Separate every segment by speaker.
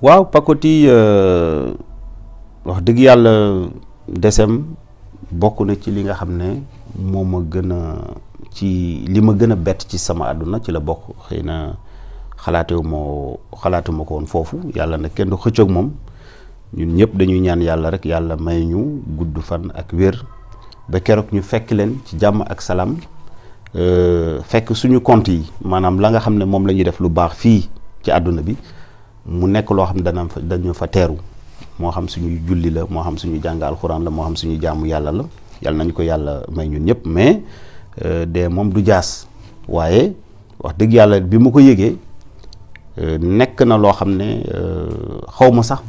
Speaker 1: waaw Pacotille euh, wax dëgg yàlla desem bokk na ci li nga xam ne moo ma gën a ci li ma gën a bett ci sama àdduna ci la bokk xëy na xalaatewu moo ma ko woon foofu yàlla na kenn du xëccoog moom ñun ñëpp dañuy ñaan yàlla rek yàlla may ñu gudd fan ak wér ba keroog ñu fekk leen ci jàmm ak salaam euh, fekk suñu compte yi maanaam la nga xam ne moom la ñuy def lu baax fii ci àdduna bi mu nekk loo xam ne dana fa dañu fa teeru moo xam suñu julli la moo xam suñu jàng alxuraan la moo xam suñu jaamu yàlla la yàlla nañu ko yàlla may ñun ñëpp mais euh, de moom du jaas waaye wax dëgg yàlla bi mu ko yëgee euh, nekk na loo xam ne euh, xaw ma sax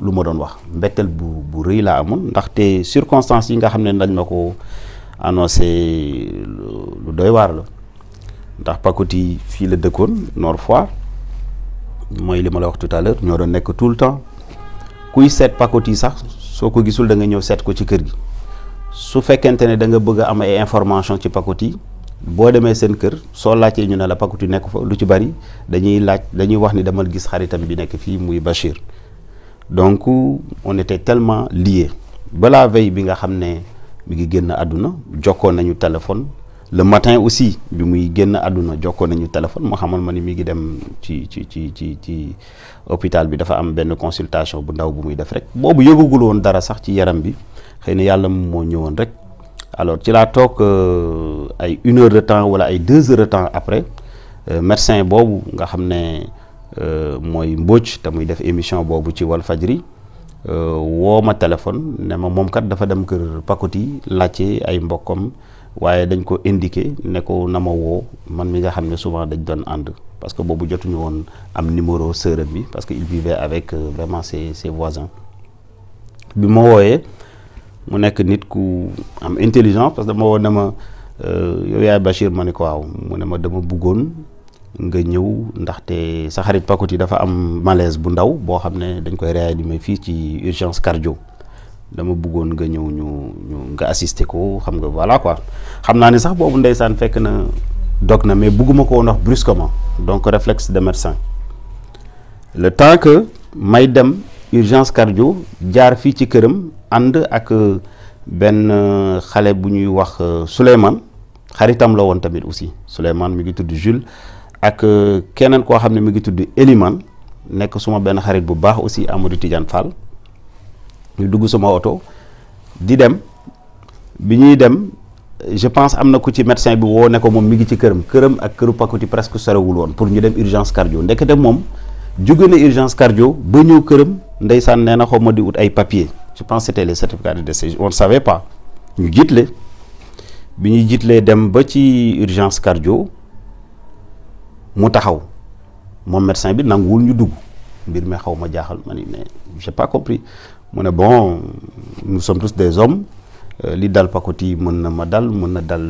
Speaker 1: lu ma doon wax mbetteel bu bu rëy laa amoon ndaxte circonstances yi nga xam ne dañ ma ko annoncé lu doy waar la ndax Pacotille fii la dëkkoon noor Foire mooy li ma la wax tout ñoo doon nekk tout le temps kuy seet pakoti sax soo ko gisul da nga ñëw seet ko ci kër gi su fekkente ne da nga bëgg a am ay information ci pakoti boo demee seen kër soo laajtee ñu ne la pakoti nekk fa lu ci bari dañuy laaj dañuy wax ni damal gis xaritam bi nekk fii muy Bachir donc on était tellement liés ba la veille bi nga xam ne mi ngi génn àdduna jokkoon nañu téléphone le matin aussi bi muy génn àdduna jokkoon nañu téléphone moo xamoon ma ni mi ngi dem ci ci ci ci ci hôpital bi dafa am benn consultation bu ndaw bu muy def rek boobu yëgagul woon dara sax ci yaram bi xëy na yàlla moo ñëwoon rek alors ci laa toog euh, ay une heure de temps wala ay deux heures de temps après euh, médecin boobu nga xam ne euh, mooy Mbodj te muy def émission boobu ci Walfadjri woo ma téléphone ne ma moom kat dafa dem kër Pakoti laajte ay mbokkam waaye dañ ko indiqué ne ko na ma woo man mi nga xam ne souvent dañ doon ànd parce que boobu jotuñu woon am numéro sœuram bi parce que il vivait avec euh, vraiment ses ses voisins bi ma wooyee mu nekk nit ku am intelligence parce que dama woo ne ma euh, yow yaay Bachir ma ne ko waaw mu ne ma dama buggoon nga ñëw ndaxte sa xarit Pakouti dafa am malaise bu ndaw boo xam ne dañ koy réanimer fii ci urgence cardio dama bëggoon nga ñëw ñu ñu nga assister ko xam nga voilà quoi xam naa ne sax boobu ndeysaan fekk na dog na mais bëgguma ko ndox wax brusquement donc réflexe de médecin le temps que may dem urgence cardio jaar fii ci këram ànd ak euh, benn euh, xale bu ñuy wax euh, Souleymane xaritam la woon tamit aussi Souleymane mi ngi tudd Jules ak keneen koo xam ne mu ngi tudd Elimane nekk suma benn xarit bu baax aussi Amadou Tidiane Fall ñu dugg sama oto di dem bi ñuy dem je pense am na ku ci médecin bi woo ne ko moom mi ngi ci këram këram ak këru Pakouti presque sorewul woon pour ñu dem urgence cardio ndekete moom jóge na urgence cardio ba ñëw këram ndeysaan nee na xaw ma di ut ay papier je pense c'était les certificats de décès on ne pas ñu jiitle bi ñuy jiitlee dem ba ci urgence cardio mu taxaw moom médecin bi nanguwul ñu dugg mbir mi xaw ma jaaxal ma ni mais j'ai pas compris mu ne bon nous sommes tous des hommes euh, li dal Pacoti mën na ma dal mën na dal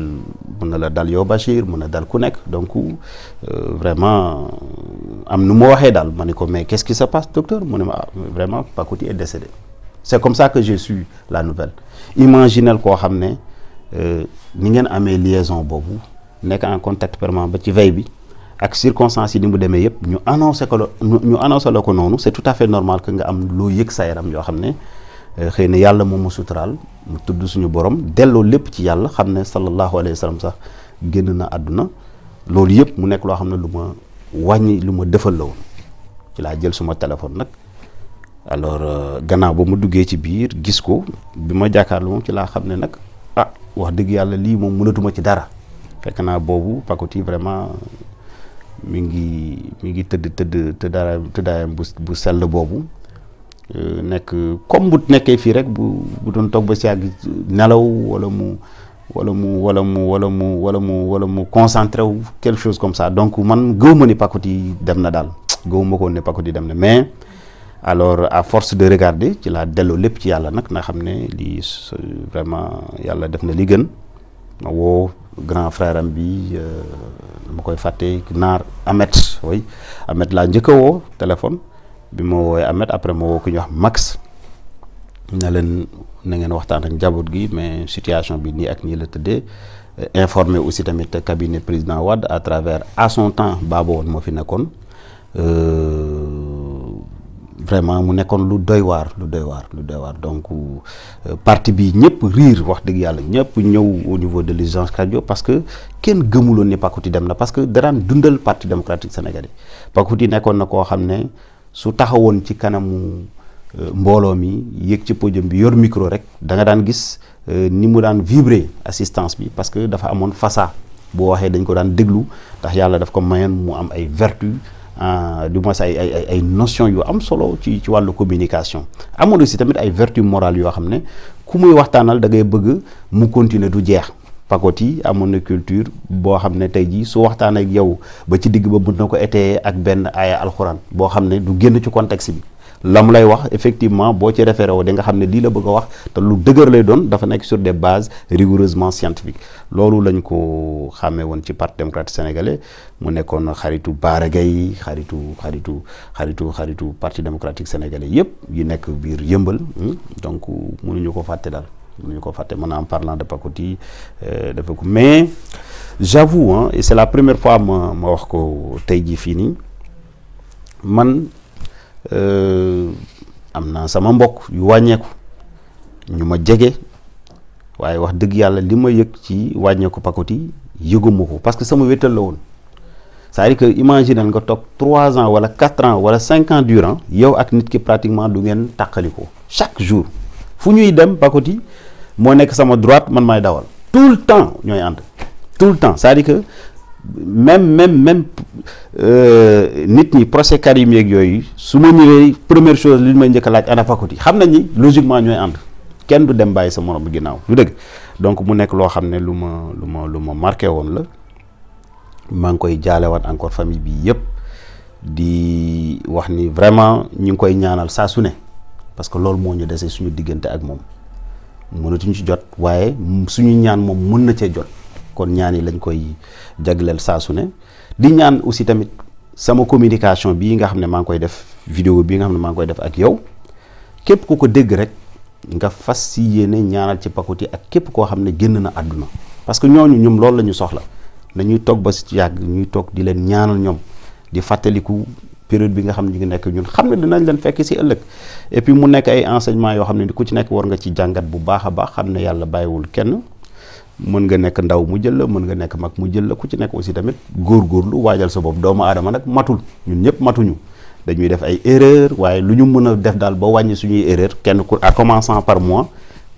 Speaker 1: mun na la dal yow Bachir mën na dal ku nekk donc euh, vraiment am nu ma waxee dal ma ne ko mais que ce qui se passe docteur mu ne ma ah vraiment Pacoti est décédé c'est comme ça que j'ai su la nouvelle imaginel koo xam ne euh, ni ngeen amee liaison boobu nekk en contact permanent ba ci veille bi ak circonstances yi ni mu demee yëpp ñu annoncé ko la ñu annoncé la ko noonu c'est tout à fait normal que nga am loo yëg sa yaram yoo xam ne euh, xëy na yàlla moom mu suturaal mu tudd suñu borom delloo lépp ci yàlla xam ne sallallahu alayhi wa sallam sax génn na àdduna loolu yëpp mu nekk loo xam ne lu ma wàññi lu ma defal ci laa jël suma téléphone nag alors euh, gannaaw ba mu duggee ci biir gis ko bi ma jàkkaarloo ci laa xam ne nag ah wax dëgg yàlla lii moom mënatuma ci dara fekk naa boobu pakoti vraiment mi ngi mi ngi tëdd tëdd tëddaayam tëddaayam bu bu sell boobu euh, nekk comme bu nekkee fii rek bu bu doon toog ba si àgg nelaw wala mu wala mu wala mu wala mu wala mu wala mu concentré wu quelque chose comme ça donc man gëw ni ni yi dem na daal gëw ma ko ne yi dem na mais alors à force de regarder ci laa delloo lépp ci yàlla nag na xam ne lii vraiment yàlla def na li gën ma grand frère am bi euh, dama koy fàtte naar Amet oui Amet laa njëkk woo téléphone bi ma woowee Amet après ma woo ku ñuy wax Max ne leen na ngeen waxtaan ak njaboot gi mais situation bi nii ak nii la tëddee informé aussi tamit cabinet président Wade à travers à son temps Baaba woon moo fi nekkoon. Euh, vraiment mu nekkoon lu doy waar lu doy waar lu doy waar donc euh, parti bi ñëpp riir wax dëgg yàlla ñëpp ñëw au niveau de l'urgence cardio parce que kenn gëmuloon ni Pakuti dem na parce que daraan dundal parti démocratique sénégalais Pakuti nekkoon na koo xam ne su taxawoon ci kanamu euh, mbooloo mi yéeg ci podium bi yor micro rek da nga daan gis euh, ni mu daan vibrer assistance bi parce que dafa amoon fasaa boo waxee dañ ko daan déglu ndax yàlla daf ko mayoon mu am ay vertu Euh, du moins ay ay ay notion yu am solo ci ci wàllu communication amoon si tamit ay vertu morale yoo xam ne ku muy waxtaanal da ngay bëgg mu continuer du jeex pakot yi amoon na culture boo xam ne tey jii su waxtaan ak yow ba ci digg ba mën na ko étayer ak benn aaya alxuraan boo xam ne du génn ci contexte bi la mu lay wax effectivement boo ci référé woo di nga xam ne lii la bëgg wax te lu dëgër lay doon dafa nekk sur des bases rigoureusement scientifiques loolu lañu ko xàmmee woon ci parti démocrate sénégalais mu nekkoon xaritu Bara Gaye xaritu xaritu xaritu xaritu parti démocratique sénégalais yëpp yi nekk biir yëmbal hmm? donc ñu ko fàtte daal mënuñu ko fàtte man mën en parlant de pacoti euh, dafa ko mais j'avoue hein et c'est la première fois ma ma wax ko tey jii fii nii Euh, am naa sama mbokk yu wàññeeku ñu ma jege waaye wax dëgg yàlla li ma yëg ci wàññeeku pakoti yëguma ko parce que sama wétal la woon c'est-à-dire que imaginer nga toog trois ans wala quatre ans wala cinq ans yow ak nit ki pratiquement du ngeen tàqali ko chaque jour fu ñuy dem pakoti moo nekk sama droite man may dawal tout le temps ñooy ànd tout le temps cest à que même même même euh, nit ñi procès Karim yeeg yooyu su ma ñëwee première chose li ñu may njëkk a laaj ana faculté xam nañ ni logiquement ñooy ànd kenn du dem bàyyi sa morom ginnaaw lu dëgg donc mu nekk loo xam ne lu ma lu ma lu ma marqué woon la maa ngi koy jaalewaat encore famille bi yëpp di wax ni vraiment ñu ngi koy ñaanal saa su ne parce que loolu moo ñu dese suñu diggante ak moom mënatuñu ci jot waaye suñu ñaan moom mun na cee jot. kon ñaan yi lañ koy jagleel saa su ne di ñaan aussi tamit sama communication bii nga xam ne maa ngi koy def vidéo bi nga xam ne maa ngi koy def ak yow képp ku ko dégg rek nga fas si yéene ñaanal ci pakoti ak képp koo xam ne génn na àdduna parce que ñooñu ñoom loolu la ñu soxla nañuy toog ba si yàgg ñuy toog di leen ñaanal ñoom di fàttaliku période bi nga xam ne ñu nekk ñun xam ne dinañ leen fekk si ëllëg et puis mu nekk ay enseignement yoo xam ne ku ci nekk war nga ci jàngat bu baax a baax xam yàlla bàyyiwul kenn mën nga nekk ndaw mu jël la mën nga nekk mag mu jël la ku ci nekk aussi tamit góorgóorlu waajal sa bopp doomu aadama nag matul ñun ñëpp matuñu dañuy def ay erreur waaye lu ñu mën a def daal ba wàññi suñuy erreur kenn ku à commençant par mois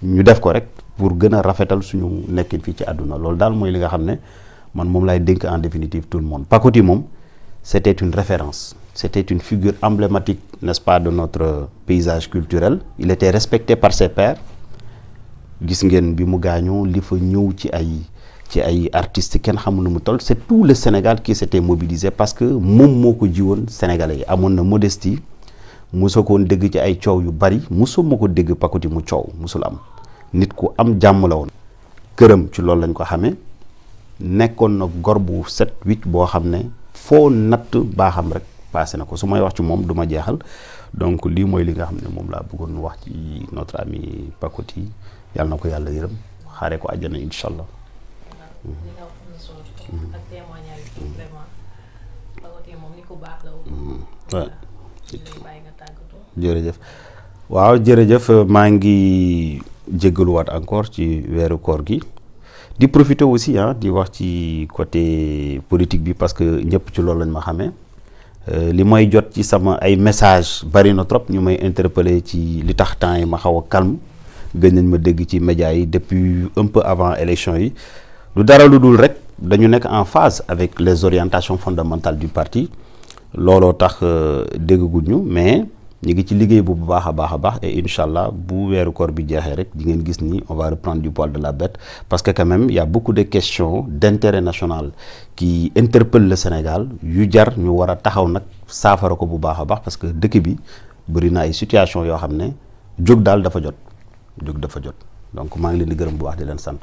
Speaker 1: ñu def ko rek pour gën a rafetal suñu nekkin fii ci àdduna loolu daal mooy li nga xam ne man moom laay dénk en définitive tout le monde Pacotille moom c'était une référence c'était une figure emblématique n'est-ce pas de paysage culturel il était par ses gis ngeen bi mu gaañoo li fa ñëw ci ay ci ay artistes kenn xamul nu mu toll c'est tout le Sénégal qui s'était mobilisé parce que moom moo ko jiwoon sénégalais yi amoon na modestie mosoo koon dégg ci ay coow yu bari mosoo ma ko dégg Pacotille mu coow mosul am nit ku am jàmm la woon. këram ci loolu lañ ko xamee nekkoon na gor bu set huit boo xam ne foo natt baaxam rek passé na ko su may wax ci moom duma jeexal donc lii mooy li nga xam ne moom laa bëggoon wax ci notre ami Pacotille yàlla na ko yàlla yërëm xaaree ko àjjana incha allah. Mm-hmm. Mm-hmm. Mm-hmm. jërëjëf waaw jërëjëf maa ngi jéggaluwaat encore ci weeru koor gi di profiter aussi ah di wax ci côté politique bi parce que ñëpp ci loolu lañ ma xamee euh, li may jot ci sama ay message bari na trop ñu may interpeller ci li tax temps yi ma xaw a calme gën nañ ma dégg ci médias yi depuis un avant élection yi lu dara lu dul rek dañu nekk en phase avec les orientations fondamentales du parti looloo tax euh, déggaguñ ñu mais ñu ngi ci liggéey bu baax a baax a baax incha allah bu weeru koor bi jeexee rek di ngeen gis ni on va reprendre du de la bête parce que même il y a beaucoup de questions d'intérêt national qui interpellent le Sénégal yu jar ñu war a taxaw nag saafara ko bu baax a baax parce que dëkk bi bëri na ay situation yoo xam ne jóg daal dafa jot. jóg dafa jot donc maa ngi leen di gërëm bu baax di leen sant.